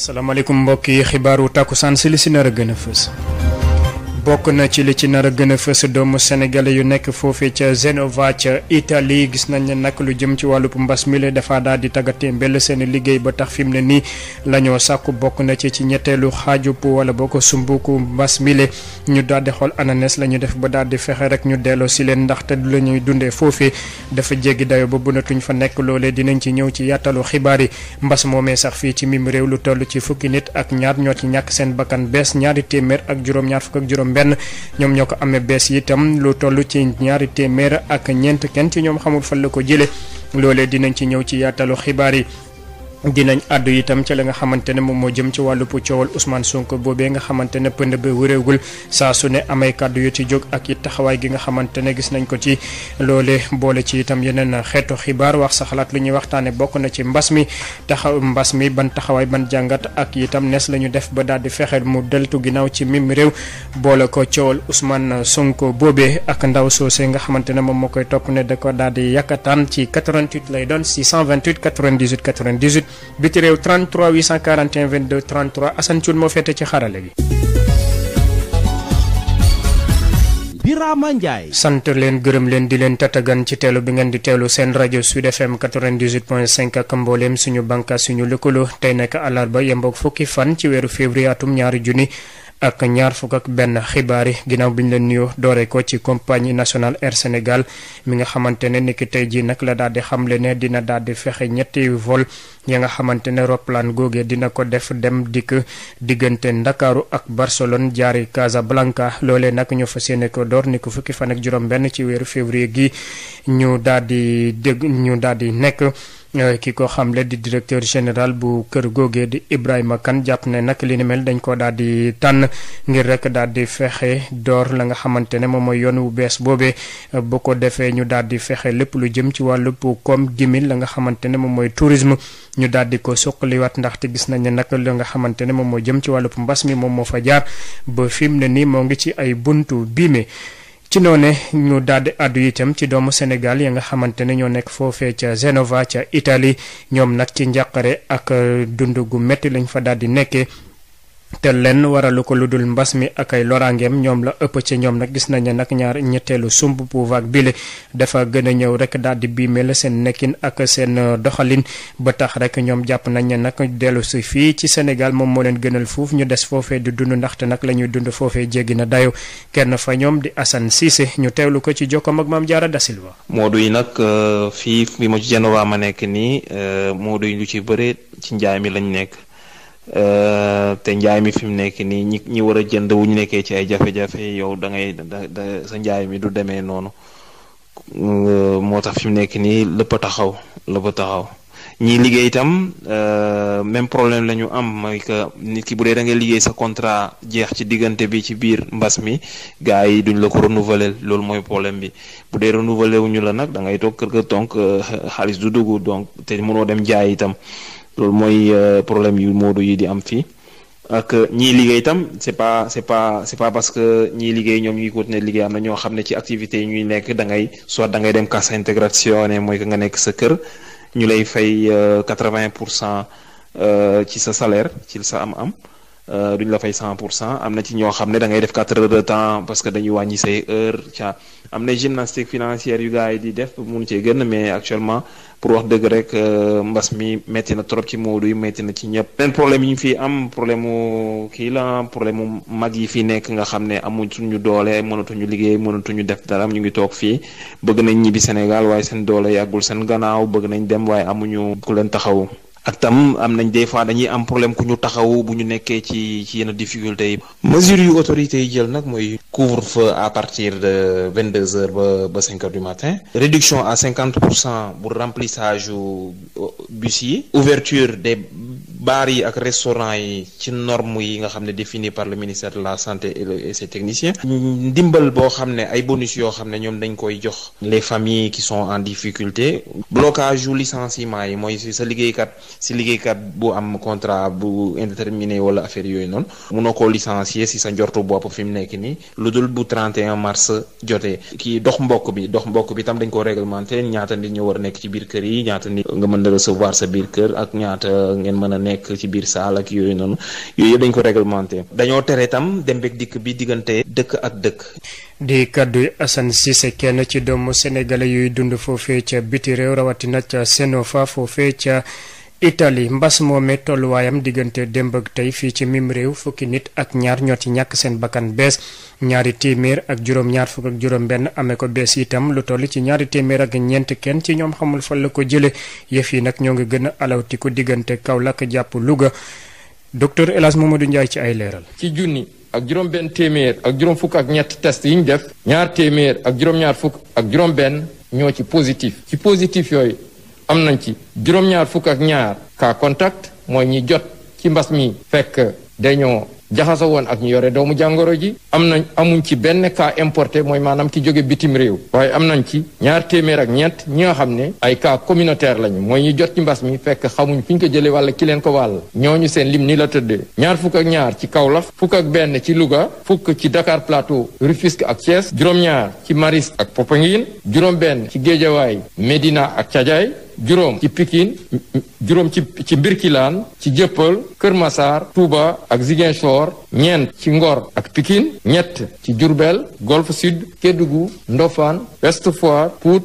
salaamaaleykum mbokk yi xibaaru tàkkusaan si li si nar a gën a fës bokk na ci li ci nar a gën a fës doomu sénégalais yu nekk foofee ca Genova ca Italie gis nañ ne nag lu jëm ci wàllub mbas mile dafa daal di tàggatee mbel seen liggéey ba tax fi mu ne nii la sàkku bokk na ci ci ñetteelu xaajub wala boo ko sumbuku mbas mile ñu daal di xool ananes la ñu def ba daal di fexe rek ñu delloo si leen ndaxte du la ñuy dundee foofee dafa jéggi dayo ba bunatuñ fa nekk loole dinañ ci ñëw ci yatalu xibaar yi mbas moomee sax fii ci mim réew lu toll ci fukki nit ak ñaar ñoo ñàkk seen bakkan bees ñaari ak juróom ñaar fukk benn ñoom ñoo ko amee bees yitam lu toll ci ñaari téeméer ak ñeent kenn ci ñoom xamul fan la ko jëlee loolee dinañ ci ñëw ci yaatalu xibaar yi. dinañ àddu itam ci la nga xamante ne moom moo jëm ci wàllu coowal Ousmane Sonko boobee nga xamante ne pënd ba wëreegul saa su ne amay kàddu yu ci jóg ak it taxawaay gi nga xamante ne gis nañ ko ci loole boole ci itam yeneen xeetu xibaar wax sa xalaat lu ñuy waxtaane bokk na ci mbas mi taxaw mbas mi ban taxawaay ban jàngat ak itam nees la ñu def ba daal di fexe mu deltu ginnaaw ci mim réew boole ko coowal Ousmane Sonko boobee ak ndaw soose nga xamante ne moom moo koy topp ne da ko biti réew 33 841 22 33 Assane Thioune moo féete ci xarale gi. Birama Ndiaye. sant leen gërëm leen di leen tatagan ci teelu bi ngeen di teelu seen rajo Sud FM 98.5 ak mbooleem suñu bànqaas suñu lëkkaloo tey nekk àllarba yemboog fukki fan ci weeru février atum ñaari junni. ak ñaar fukk ak benn xibaar yi ginnaaw bi ñu leen nuyoo doore ko ci compagnie nationale Air Sénégal mi nga xamante ne niki tey jii nag la daal di xamle ne dina daal di fexe ñetti vole ya nga xamante ne roplaan googee dina ko def dem dikk diggante Ndakaaru ak Barcelone jaari Casablanca loole nag ñu fa yéene ko door ni ko fukki fan ak juróom benn ci weeru février gi ñu daal di dégg ñu daal nekk. Eh, ki ko xamle di directeur général bu kër googee di Ibrahima Kane jàpp ne nag li ni mel dañ ko daal di tànn ngir rek daal di fexe door la nga xamante ne moom mooy yoon wu bees boobee eh, bu ko defee ñu daal di fexe lépp lu jëm ci wàllu koom gimil la nga xamante ne moom mooy tourisme ñu daal di ko suqaliwaat ndaxte gis nañ ne nag la nga xamante ne moom moo jëm ci wàllu mbas mi moom moo fa jaar ba fi mu ne nii moo ngi ci ay buntu biime ci noone ñu daldi àddu itam ci doomu Sénégal ya nga xamante ne ñoo nekk foofee ca Genova ca Italie ñoom nag ci njàqare ak euh, dund gu metti lañu fa daldi nekkee te leen waralu ko lu dul mbas mi ak ay loraangeem ñoom la ëpp ci ñoom nag gis nañ ne nag ñaar ñetteelu sumb bu vague bile dafa gën a ñëw rek daal di biimel seen nekkin ak seen doxalin ba tax rek ñoom jàpp nañ ne nag dellu si fii ci Sénégal moom moo leen gënal fuuf ñu des foofee di dund ndaxte nag la ñuy dund foofee jéggi na dayo kenn fa ñoom di Assane Cissé ñu teewlu ko ci jokkoom ak Mame Diarra Da Silva. Moodu yi nag euh, fii bi ma ci waa ma nekk nii euh, moodu yi lu ci bëre ci njaay mi lañ nekk. Euh, te njaay mi fi mu nekk nii ñi ñi war a jënd wu ñu nekkee ci ay jafe-jafe yow da ngay da sa njaay mi du demee noonu euh, moo tax fi mu nekk nii lépp taxaw lépp a taxaw ñii liggéey itam euh, même problème la ñu am mooy que nit ki bu dee da ngay liggéey sa contrat jeex ci diggante bi ci biir mbas mi gars yi duñ la ko renouveler loolu mooy problème bi bu dee renouveler wu la nag da ngay toog kër ga tonk xaalis du dugg donc te mënoo dem jaay itam loolu mooy euh, problème yu Modou yi di am fi ak euh, ñii liggéey itam c'est pas c'est pas c'est pas parce que ñiy liggéey ñoom ñu ngi continuer liggéey am na ñoo xam ne ci activité yi ñuy nekk da ngay da ngay dem cassa integrazione mooy que nga nekk sa kër ñu lay fay euh, quatre-vingt pour cent ci sa salaire ci sa am-am duñ la fay cent pour cent am na ci ñoo xam ne da ngay def quatre heures de temps parce que dañuy wàññi say heure ca am na gymnastique financière yu gars yi di def mun cee gën mais actuellement pour wax dëgg rek euh, mbas mi métti na trop ci Moodu yi métti na ci ñëpp. beneen problème yi ñu fi am problème mu kii la problème mu mag yi fi nekk nga xam ne amuñ suñu doole mënatuñu liggéey mënatuñu def dara ñu ngi toog fii bëgg nañ ñibbi Sénégal waaye seen doole yàggul seen gannaaw bëgg nañ dem waaye amuñu ku leen taxawu. ak tam am nañ des fois dañuy am problème ku ñu taxaw bu ñu nekkee ci ci yenn difficulté yi. mesures yu autorité yi jël nag mooy couvre-feu à partir de vingt deux heures ba ba cinq heures du matin. réduction à cinquante pour cent bu remplissage euh, bus yi. ouverture des. baar yi ak restaurant yi ci normes yi nga xam ne défini par le ministère de la santé et ses techniciens ndimbal boo xam ne ay bonus yoo xam ne ñoom dañ koy jox les familles qui sont en difficulté blocage yu licenciement yi mooy sa liggéeykat si bu am contrat bu indéterminé wala affaire yooyu noonu munoo koo licencier si sa njortu bopp fi nekk nii lu dul bu 31 mars jotee kii dox mbokk bi dox mbokk bi tam dañ ko réglementé ñaata nit ñu war a recevoir sa biir a nekk ci biir saal ak yooyu noonu yooyu yëpp dañ ko réglementé dañoo tere tam dem beeg dikk bi diggante dëkk ak dëkk. di kaddu Assane Cissé kenn ci doomu sénégalais yuy dund foofee ca biti réew rawatina ca Senofa foofee ca. Italie mbas moomee tolluwaayam diggante démb ak tey fii ci mim réew fukki nit ak ñaar ñoo ci ñàkk seen bakkan bees ñaari téeméer ak juróom-ñaar fukk ak benn amee ko bees itam lu toll ci ñaari téeméer ak ñeent kenn ci ñoom xamul fan la ko jële yëf yi nag ñoo ngi gën a alawtiku diggante Kaolack jàpp Louga docteur El Hadj Mamadou Ndiaye ci ay leeral. ci junni ak juróom benn téeméer ak juróom fukk ak ñett test yi ñu ñaar téeméer ak juróom fukk ak juróom benn ñoo ci positif. ci positif yooyu. am nañ ci juróom-ñaar fukk ak ñaar cas contact mooy ñi jot ci mbas mi fekk dañoo jaxasoo woon ak ñu yore doomu jàngoro ji am nañ amuñ ci benn cas importé mooy maanaam ki jóge bitim réew waaye am nañ ci ñaar téeméer ak ñeent ñi nga xam ne ay cas communautaire lañu mooy ñu jot ci mbas mi fekk xamuñ fi ko jëlee walla ki leen ko wàll ñu seen lim ni la tëddee ñaar fukk ak ñaar ci Kaolack fukk ak benn ci Louga fukk ci Dakar Plateau Rufisque ak Thiès juróom-ñaar ci Maris ak Popenguine juróom-benn ci Géejawaay Médina ak Thiadiaye juróom ci Pikine juróom ci ci Mbirkilaan ci Jëppal Kër Masaar ak Ziguinchor ñeent ci Ngor ak Pikine ñett ci Diourbel Golfe Sud Kédougou Ndofane Ouest Foire Pout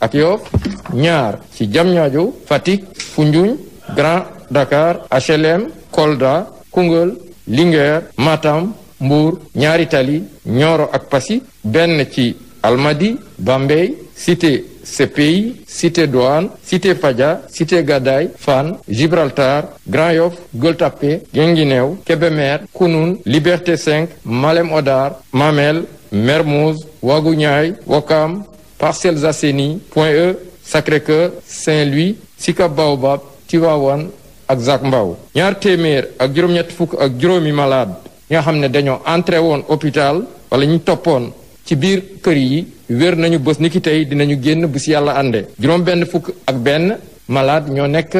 ak Yoff ñaar ci Diamniadio Fatick Foundiougne Grand Dakar HLM Kolda Koungheul Linguère Matam Mbour ñaari Tali Nioro ak Passy benn ci Almadi Bambey Cité CPI Cité Douane Cité Padia Cité Gadaye Fann Gibraltar Grand Yoff Gueule Tapée Guinguinéo Kébémer Kounoune Liberté 5 Malem Hodar Mamel Mermoz Ouagouñaay Ouakam Parcelles Assainies Point E Sacré-Cœur Saint-Louis Sicap Baobab Tivaouane ak Zac Mbao ñaar téeméer ak juróom-ñett malade ñi nga xam ne dañoo entré woon hôpital wala ñu toppoon ci biir kër yi wér nañu bës ni tey dinañu génn bu si yàlla àndee juróom-benn fukk ak benn malaad ñoo nekk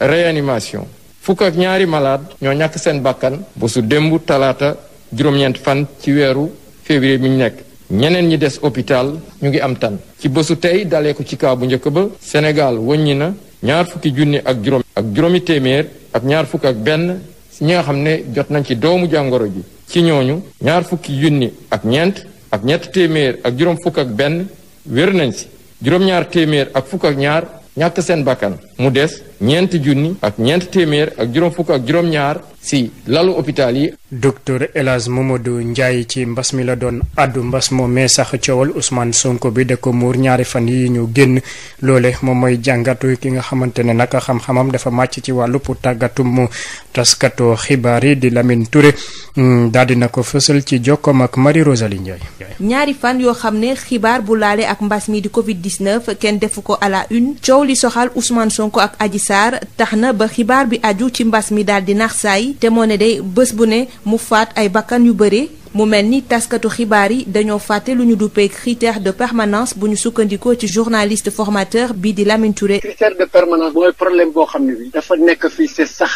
réanimation fukk ak ñaari malaad ñoo ñàkk seen bàkkan ba su démb talaata juróom-ñeent fan ci weeru février bi ñu nekk ñeneen ñi des hôpital ñu ngi am tan ci bésu tey dalee ko ci kaa bu njëkk ba Sénégal wëññi na ñaar fukki junni ak juróom ak juróomi téeméer ak ñaar fukk ak benn ñaa xam ne jot nañ ci doomu jàngoro ji ci ñooñu ñaar fukki junni ak ñeent ak ñett téeméer ak juróom fukk ak benn wér nañ si juróom-ñaar téeméer ak fukk ak ñaar ñàkk seen bakkan mu des ñeenti junni ak ñeenti téeméer ak juróom fukk ak juróom ñaar si lalu hôpital yi. docteur El Hadj Mamadou Ndiaye ci mbas mi la doon àddu mbas moomee sax coowal Ousmane Sonko bi da ko muur ñaari fan yi ñu génn loole moom mooy jàngatu ki nga xamante ne nag xam-xamam dafa màcc ci wàllu pour tàggatum taskatu xibaar yi di Lamine Touré hmm, daal di na ko fësal ci jokkoom ak Marie Rosalie Ndiaye. ñaari fan yoo xam ne xibaar bu laale ak mbas mi di Covid 19 kenn defu ko à la une coow li soxal Ousmane Sonko ak Adji Sarr tax na ba xibaar bi aju ci mbas mi daal di nax saay te moo ne day bés bu ne mu faat ay bakkan yu bëri mu mel ni taskatu xibaar yi dañoo fàtte lu ñu duppee critère de permanence bu ñu sukkandikoo ci journaliste formateur bii di Lamine Touré. critère de permanence mooy problème boo xam ne bi dafa nekk fi c'est sax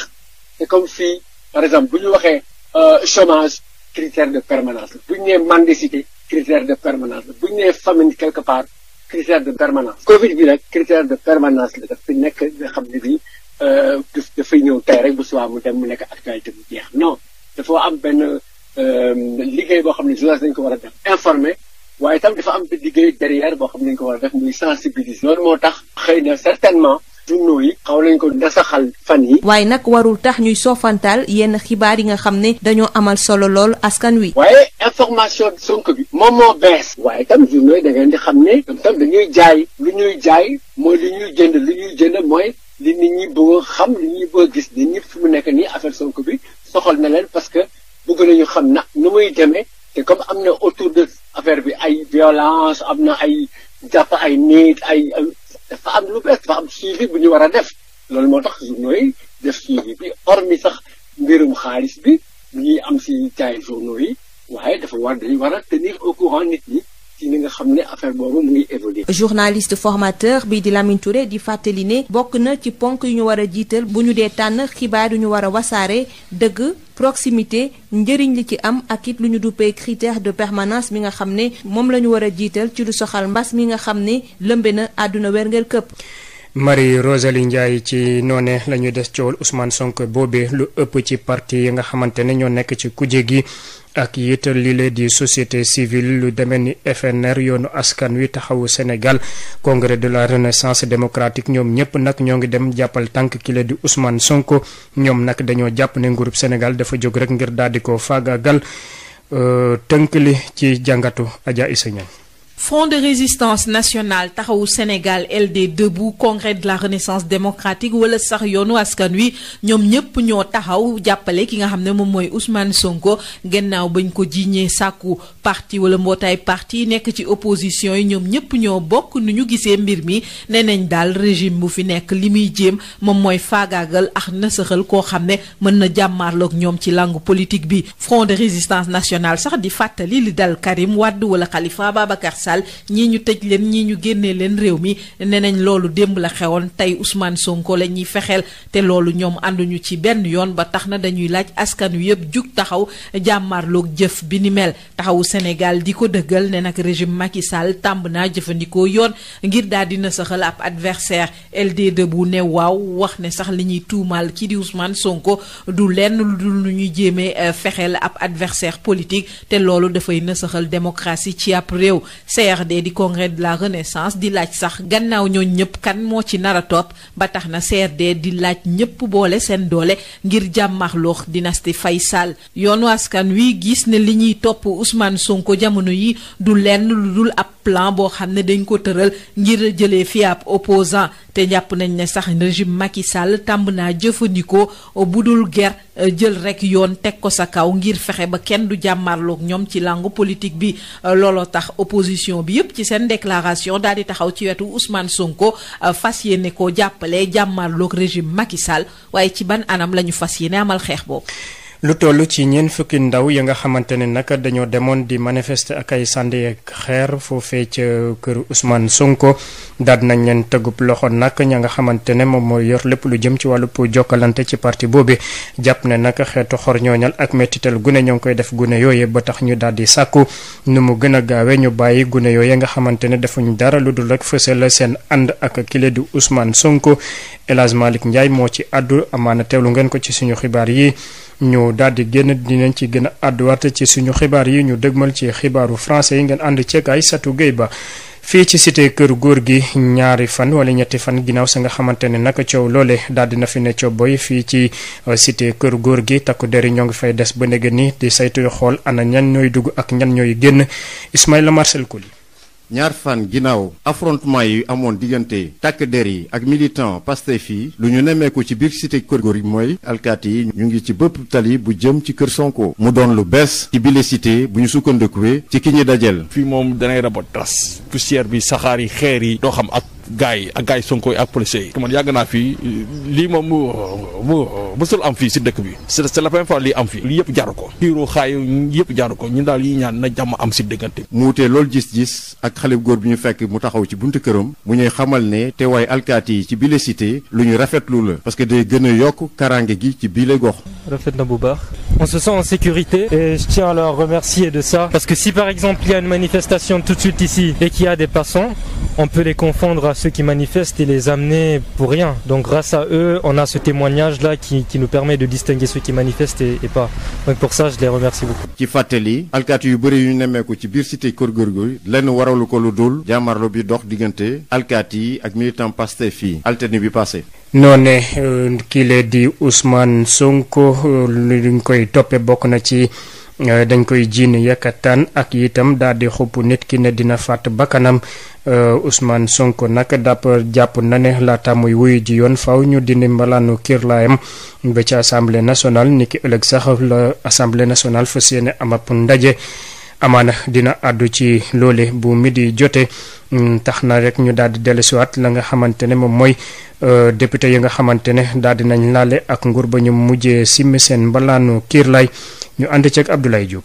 c'est comme fii par exemple bu ñu waxee euh, chômage critère de permanence la nee mendicité critère de permanence la nee famine quelque part. critère de permanence Covid bi rek critère de permanence la daf fi nekk nga xam ne bii euh, dafay ñëw tey rek bu subaa mu dem mu nekk actualité bu jeex non dafa am benn euh, liggéey boo xam ne journaliste dañu ko war a def informé waaye itam dafa am liggéey derrière boo xam ne dañu ko war a def muy sensibiliser. loolu moo tax xëy na certainement. journaux yi xaw nañ ko dasaxal fan yi waaye nag warul tax ñuy soofantaal yenn xibaar yi nga xam ne dañoo amal solo lool askan wi. waaye information sonk bi moom moo bees. waaye tam journaux yi da ngeen di xam ne. tam dañuy jaay lu ñuy jaay mooy li ñuy jënd li ñuy jënd mooy li nit ñi xam li ñuy bëgg gis nit ñi fi mu nekk nii affaire Sonko bi soxal na leen parce que bëgg nañu xam na nu muy demee te comme am na autour de affaire bi ay violence am na ay ay dafa am lu bees dafa am suivi bu ñu war a def loolu moo tax journaux def suivi bi hormi sax mbirum xaalis bi ñuy am si jaay journaux waaye dafa war dañu war tenir au nit ñi ci li nga xam ne affaire boobu mu ngi évoluer. journaliste formateur bi di Lamine Touré di fàttali ne bokk na ci ponk yu ñu war a jiital bu ñu dee tànn xibaar yu ñu war a wasaare dëgg. proximité njëriñ li ci am ak it lu ñu duppee critère de permanence mi nga xam ne moom la ñu war a jiital ci lu soxal mbas mi nga xam ne lëmbe na àdduna werngel këpp Marie Rosalie Ndiaye ci noone la ñu des coowal Ousmane Sonko boobee lu ëpp ci partie yi nga xamante ne ñoo nekk ci kuje gi ak it lile di société civile lu demee ni FNR yoonu askan wi taxawu Sénégal congrès de la renaissance démocratique ñoom ñëpp nag ñoo ngi dem jàppal tànk kile di Ousmane Sonko ñoom nag dañoo jàpp ne nguurub Sénégal dafa jóg rek ngir daal di ko faagaagal euh, tënk li ci jàngatu Adja Issa Front de résistance nationale taxawu Sénégal LD bu Congrès de la Renaissance démocratique wala sax yoonu askan wi ñoom ñépp ñoo taxaw jàppale ki nga xam ne moom mooy Ousmane Sonko gannaaw bañ ko jiiñee sàkku parti wala mbootaay parti nekk ci opposition yi ñoom ñépp ñoo bokk nu ñu gisee mbir mi nee nañ daal régime bu fi nekk li muy jéem moom mooy faagaagal ak nasaxal koo xam ne mën na jàmmaarloog ñoom ci langue politique bi Front de résistance nationale sax di fàttali li dal Karim Sall ñii ñu tëj leen ñii ñu génnee leen réew mi nee nañ loolu démb la xewoon tey Ousmane Sonko la ñuy fexeel te loolu ñoom ànduñu ci benn yoon ba tax na dañuy laaj askan wi yëpp jug taxaw jàmmarloog jëf bi ni mel taxawu Sénégal di ko dëggal ne nag régime Macky Sall tàmb naa jëfandikoo yoon ngir daal dina saxal ab adversaire LD bu ne waaw wax ne sax li ñuy tuumaal ci di Ousmane Sonko du lenn lu dul lu ñuy jéemee euh, fexeel ab adversaire politique te loolu dafay nasaxal démocratie ci ab réew CRD di congrès de la renaissance di laaj sax gannaaw ñooñ ñëpp kan moo ci nar a topp ba tax na CRD di laaj ñëpp boole seen doole ngir jàmmaarloox dynastie fay Sall yoon askan wi gis ne li ñuy topp Ousmane Sonko jamono yi du lenn lu dul ab plan boo xam ne dañ ko tëral ngir jëlee fi ab opposant te jàpp nañ ne sax régime Macky Sall tàmb naa jëfandikoo bu dul guerre jël rek yoon teg ko sa kaw ngir fexe ba kenn du jàmmarloog ñoom ci làngu politique bi euh, looloo tax opposition bi yépp ci seen déclaration daal di taxaw ci wetu Ousmane Sonko euh, fas yéene ko jàppale jàmmarloog régime Macky Sall waaye ci ban anam la ñu fas yéene amal xeex boobu. lu toll ci ñeent fukki ndaw ya nga xamante ne nag dañoo demoon di manifester ak ay sànni ak xeer foofee ca kër Ousmane Sonko daal nañ leen tëggub loxo nag ña nga xamante ne moom mooy yor lépp lu jëm ci wàllu jokkalante ci parti boobu jàpp ne nag xeetu xor ñooñal ak mettital gune ñoo ngi koy def gune yooye ba tax ñu daal di sàkku nu mu gën a gaawee ñu bàyyi gune yooye nga xamante ne defuñ dara lu dul rek fësal seen ànd ak kile du usmaan Sonko El Hadj Malick moo ci àddu amaana teewlu ngeen ko ci suñu xibaar yi. ñu daal di génn dinañ ci gën a àdduwaat ci suñu xibaar yi ñu dëgmal ci xibaaru français yi ngeen ànd ceeg ay satu géy ba fii ci site kër góor gi ñaari fan wala ñetti fan ginnaaw sa nga xamante ne nag coow loole daal dina fi ne coob booy fii ci euh, cité kër góor gi takku deri ñoo ngi fay des ba nege ni di saytu xool ana ñan ñooy dugg ak ñan ñooy génn Ismaïla Marcel Koli ñaar fan ginnaaw affrontement yi amoon diggante takk der yi ak militant Pastef yi lu ñu nemmeeku ci biir cité Keur Gorgui mooy alkaati yi ñu ngi ci bëpp tali bu jëm ci kër Sonko mu doon lu bees ci bile cité bu ñu sukkandikuwee ci ki ñi dajel fii moom danay raba tas poussière bi saxaar yi xeer yi doo xam ak gars yi ak gars yi Sonko yi ak policiers yi. man yàgg naa fii lii moom mu mu mësul am fii si dëkk bi c' est la première lii am fii lii yëpp jaru ko. xiiroo xaay yëpp jaru ko ñun daal yi ñaan na jàmm am si dëggante. mu wutee loolu gis-gis ak xale góor bi ñu fekk mu taxaw ci buntu këram mu ñuy xamal ne te waaye alkaati yi ci bile cité lu ñu rafetlu la parce que day gën a yokk karange gi ci bile gox. rafet na bu baax. on se sent en sécurité et je tiens à leur remercier de ça parce que si par exemple il y a une manifestation tout de suite ici et qu'il y a des passants, on peut les confondre à ceux qui manifestent et les amener pour rien. Donc grâce à eux, on a ce témoignage qui, nous permet de distinguer ceux qui manifestent et, et pas. Donc pour ça, je les remercie beaucoup. ci fàttali alkaati yu bëri yu nemmeeku ci biir cité Keur Gorgui lenn waralu ko lu dul jaamarlo bi dox diggante alkaati yi ak militant Pastef fii alterne bi passé noone eh, kii di Ousmane Sonko eh, luñ koy toppee bokk na ci eh, dañ koy jiin yekkataan ak itam daal di xupp nit ki ne dina fàtt bakkanam Ousmane Sonko nag dapp jàpp na ne laata muy ji yoon faw ñu dindi mbalaanu kirlaayam ba ci assemblée nationale niki ëllëg sax la national nationale fas yéene ndaje amaana dina addu ci loole bu midi jotee mm, tax na rek ñu daal di dellusiwaat la nga xamante ne moom mooy euh, député yi nga xamante ne daal di nañ laale ak nguur ba ñu mujjee simmi seen mbalaanu kiir lay ñu ànd ceeg Abdoulaye Diop.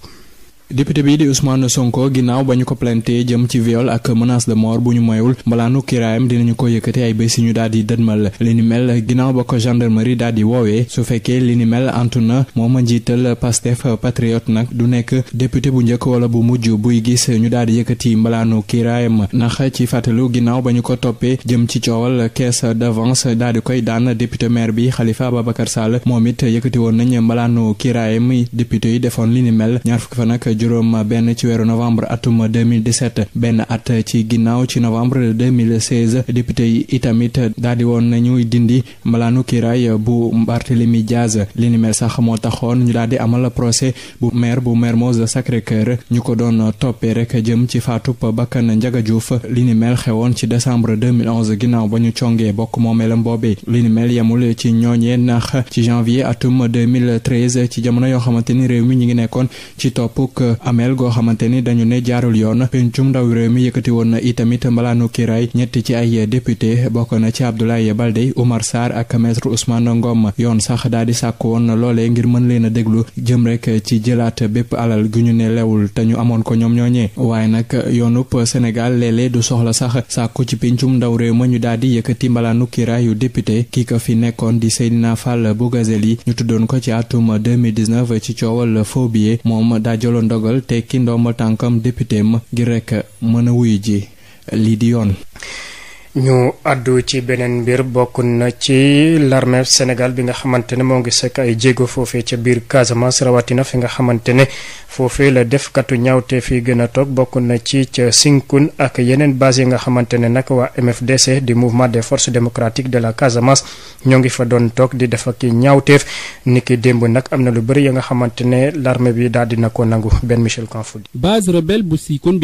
député bii di Ousmane Sonko ginnaaw ba ñu ko planté jëm ci viol ak menace de mort bu ñu moyul mbalaanu kiraayam dinañu ko yëkkati ay bés ñu daal di dëdmal li ni mel ginnaaw ba ko gendarmerie daal di woowee su fekkee li ni mel antu na mooma njiital Pastef patriote nag du nekk député bu njëkk wala bu mujj buy gis ñu daal di yëkkati mbalaanu kiraayam ndax ci fàttalu ginnaaw ba ñu ko toppee jëm ci coowal caisse d'avance daal di koy daan député maire bi Khalifa Ababacar Sall moom it yëkkati woon nañ mbalaanu kiraayam député yi defoon li ni mel ñaar fukki fan juróom benn ci weeru novembre atum 2017 benn at ci ginnaaw ci novembre 2016 député yi itamit daal di woon nañuy dindi malaanu kiiraay bu Barthélemy Diaz li ni mel sax moo taxoon ñu daal di amal procès bu maire bu meer Mermoz Sacré-Cœur ñu ko doon toppee rek jëm ci faatub bakkan Ndiaga Diouf li ni mel xewoon ci décembre 2011 ginnaaw ba ñu congee bokk moomeelam boobee li ni mel yemul ci ñooñee ndax ci janvier atum 2013 ci jamono yoo xamante ni réew mi ñu ngi nekkoon ci toppuk Euh, ameel goo xamante ni dañu ne jaarul yoon pencum ndaw réew mi yëkkati woon na itamit mbalaanu kiiraay ñetti ci ay député bokk na ci Abdoulaye Baldé Oumar Sarr ak maître Ousmane Ngom yoon sax daal di sàkk woon na loole ngir mën leen a déglu jëm rek ci jëlaat bépp alal gu ñu ne lewul te ñu amoon ko ñoom ñooñee waaye nag yoonub Sénégal léeg du soxla sax sàkku ci pencum ndaw réew ma ñu daal di yëkkati mbalaanu kiiraayu député kii ko fi nekkoon di Seydina Fall Bougazelli ñu tuddoon ko ci atum dogal tekki ndooma tànkam député ma ngir rek mën a wuy ji lii di yoon ñu àddu ci beneen mbir bokk na ci l'armée Sénégal bi nga xamante ne moo ngi sekk ay jéego foofe ca biir Casamance rawatina fi nga xamante ne foofee la defkatu ñaawte fi gën a toog bokk na ci ca Sinkun ak yeneen base yi nga xamante ne nag waa MFDC di mouvement des forces démocratiques de la Casamance ñoo ngi fa doon toog di def ak ñaawteef ki démb nag am na lu bëri ya nga xamante ne l'armée bi daal dina ko nangu benn Michel Kanfoudi base rebelle bu Sinkun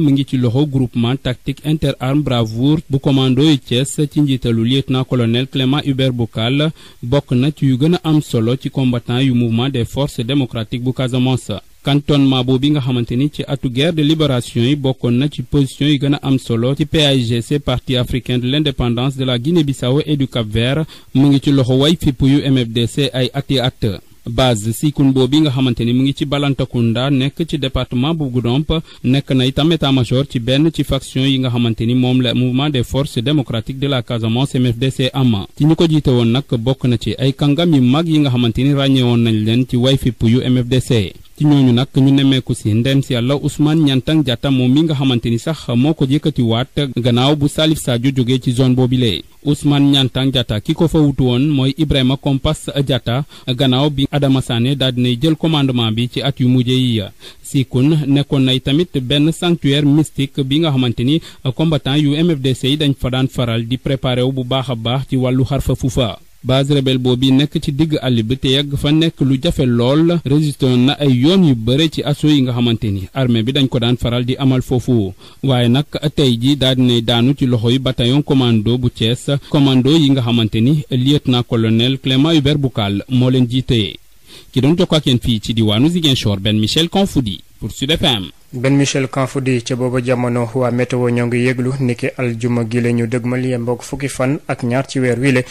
mu ngi ci loxo groupement tactique interarmes bravoure bu commando yu Thiès ci njiitalu lieutenant colonel Clément Hubert Boucal bokk na ci yu gën a am solo ci combattant yu mouvement des forces démocratiques bu Casamance. cantonnement boobu nga xamante ni ci atu guerre de libération yi bokkoon na ci position yi gën am solo ci PAIGC parti africain de l'indépendance de la Guinée-Bissau et du Cap-Vert mu ngi ci loxo way fipp yu MFDC ay ati at base Sikundoo bi nga xamante ni mu ngi ci balanta Balantakunda nekk ci département bu Goudomp nekk na itam état-major ci benn ci faction yi nga xamante ni moom la mouvement des forces démocratiques de la Casamance MFDC ama ci ñu ko jiite woon nag bokk na ci ay kàngam yu mag yi nga xamante ni woon nañ leen ci way fipp yu MFDC ci ñooñu nag ñu nemmeeku si ndem si yàlla Ousmane Niantang Diatta moom mi nga xamante ni sax moo ko yëkkatiwaat gannaaw bu saa ju jógee ci zone boobile Ousmane Niantang Diatta ki ko fa wutu woon mooy Ibrahima Compass Diatta gannaaw bi Adama Sané daal dinay jël commandement bi ci at yu mujj yi Sikun nekkoon nay tamit benn sanctuaire mystique bi nga xamante ni combattant yu MFDC yi dañ fa daan faral di préparé wu bu baax a baax ci wàllu xar fa fufa base rebelle boobu nekk ci digg àll bi te yàgg fa nekk lu jafe lool résisté na ay yoon yu bëre ci assaut yi nga xamante ni armée bi dañ ko daan faral di amal foofu waaye nag tey ji daal dinay daanu ci loxo yu bataillon commando bu Thiès commando yi nga xamante ni lieutenant colonel Clément Hubert Boucal moo leen jiite ki doon jokkoo ak fii ci diwaanu Ziguinchor Ben Michel Confoudi pour Sud Ben Michel Kanfoudi ca booba jamono waa météo ñoo ngi yëglu niki aljuma gi la ñu dëgmal yemboog fukki fan ak ñaar ci weer wile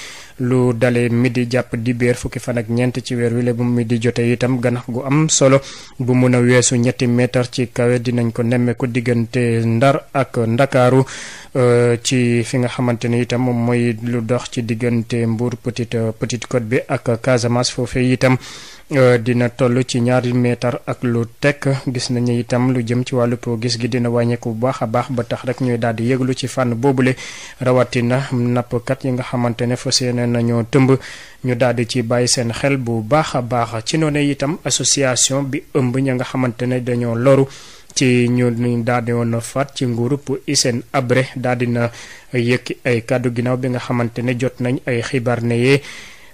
lu dale midi jàpp dibéer fukki fan ak ñeent ci weer wile bu midi jotee itam ganax gu am solo bu mun a weesu ñetti meetar ci kawe dinañ ko nemmeeku diggante Ndar ak Ndakaaru euh, ci fi nga xamante ni itam moom mooy lu dox ci diggante Mbour Petite Petite Côte bi ak Casamance foofee itam Euh, dina toll ci ñaari meetar ak lu tekk gis nañu itam lu jëm ci wàllu gis gi dina wàññeeku bu baax a baax ba tax rek ñuy daal di yëglu ci fànn boobule rawatina nappkat yi nga xamante ne fas yéene nañoo tëmb ñu daal di ci bàyyi seen xel bu baax a baax ci noonu itam association bi ëmb ña nga xamante ne dañoo loru. ci ñu daal di woon faat ci nguurub Hissène Habré daal dina yëkki ay kàddu ginnaaw bi nga xamante ne jot nañ ay xibaar ne yee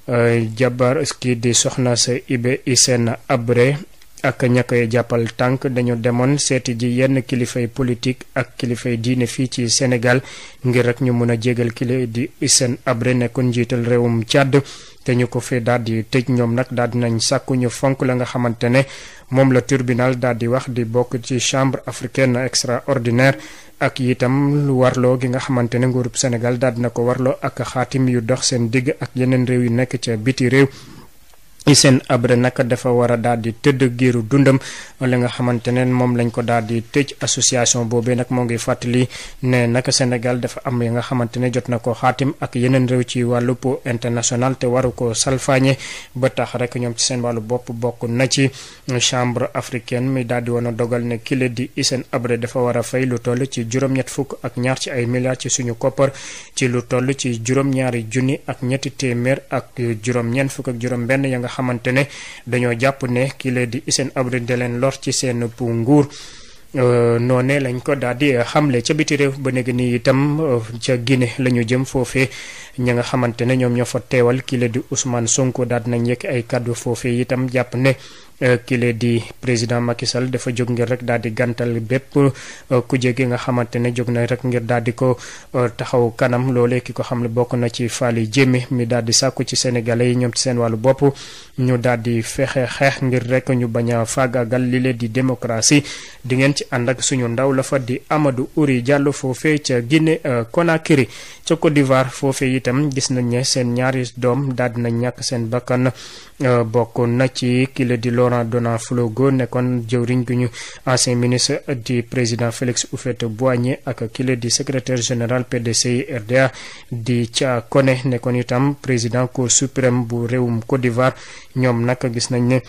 Euh, jabar kii di soxna sa Ibe Hissène Habré ak ña koy jàppal tànk dañu demoon seeti ji yenn kilifay politique ak kilifay diine fii ci Sénégal ngir rek ñu mën a jégal kili di Hissène abre nekkoon njiital réewum Tchad te ñu ko fi daal di tëj ñoom nag daal di nañ sàkku ñu fonk la nga xamante ne moom la tribunal daal di wax di bokk ci chambre africaine extraordinaire ak itam lu warloo gi nga xamante ne nguurub Sénégal daal dina ko warloo ak xaatim yu dox seen digg ak yeneen réew yu nekk ca biti réew Hissène abre nag dafa war a daal di tëdd giiru dundam li nga xamante ne moom lañ ko daal di tëj association boobee nag moo ngi fàttali ne nag Sénégal dafa am yi nga xamante ne jot na ko xaatim ak yeneen réew ci wàllu po international te waru ko salfaañe ba tax rek ñoom ci seen wàllu bopp bokk na ci chambre africaine mi daal di woon a dogal ne kile di Hissène abre dafa war a fay lu toll ci juróom-ñett fukk ak ñaar ci ay milliards ci suñu koppar ci lu toll ci juróom-ñaari ak ñetti ak juróom fukk ak juróom-benn nga xamante ne dañoo jàpp ne kii la di Hissène Habré da leen lor ci seen nguur. Euh, noone lañ ko daal di xamle ca biti réew ba nekk nii itam euh, ca Guinée la ñu jëm foofee ñi nga xamante ne ñoom ñoo fa teewal kii la di Ousmane Sonko daal nañ yëkk ay kàddu foofee itam jàpp ne euh, kii di président Macky Sall dafa jóg ngir rek daal di gàntal bépp euh, kuje gi nga xamante ne jóg na rek ngir daal di ko euh, taxaw kanam loolee ki ko xam ne bokk na ci Faly Diémé mi daal di sàkku ci Sénégalais yi ñoom ci seen wàllu bopp ñu daal di feexee xeex ngir rek ñu bañ a faagaagal li leen di démocratie di ngeen ci ànd ak suñu ndaw la fa di amadu Ouri Diallo foofee ca Guinée Conakry ca itam gis nañ seen ñaari doom daal dina ñàkk seen bakkan euh, bokk na ci kile di Laurent Dona Flogo nekkoon jëwriñ gu ñu ancien ministre di président Félix Houphouët-Boigny ak kile di secretaire général PDCI RDA di Tcha Koné nekkoon itam président cour suprême bu réewum Côte d'Ivoire ñoom nag gis nañ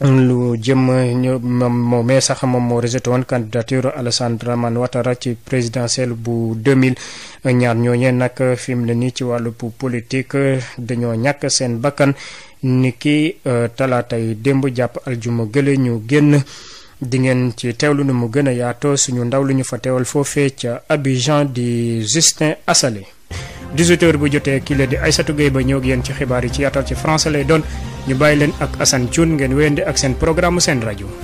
lu jëm ñu moomee sax moom moo rejeté woon candidature Alassane Dramane Ouattara ci présidentielle bu 2000 ñaar ñooñee nag fi mu ne nii ci wàllu politique dañoo ñàkk seen bakkan ni talaata euh, talaatay démb jàpp aljuma gële ñu génn di ngeen ci teewlu nu mu gën a yaatoo suñu ndaw lu ñu fa teewal foofee ca Abidjan di Justin Assalé 18h bu jotee kii la di Aïssatou Gueye ba ñëw ak yéen ci xibaar yi ci yaatal ci france lay doon. ñu bàyyi leen ak Assane Thioune ngeen wéyande ak seen programme seen rajo.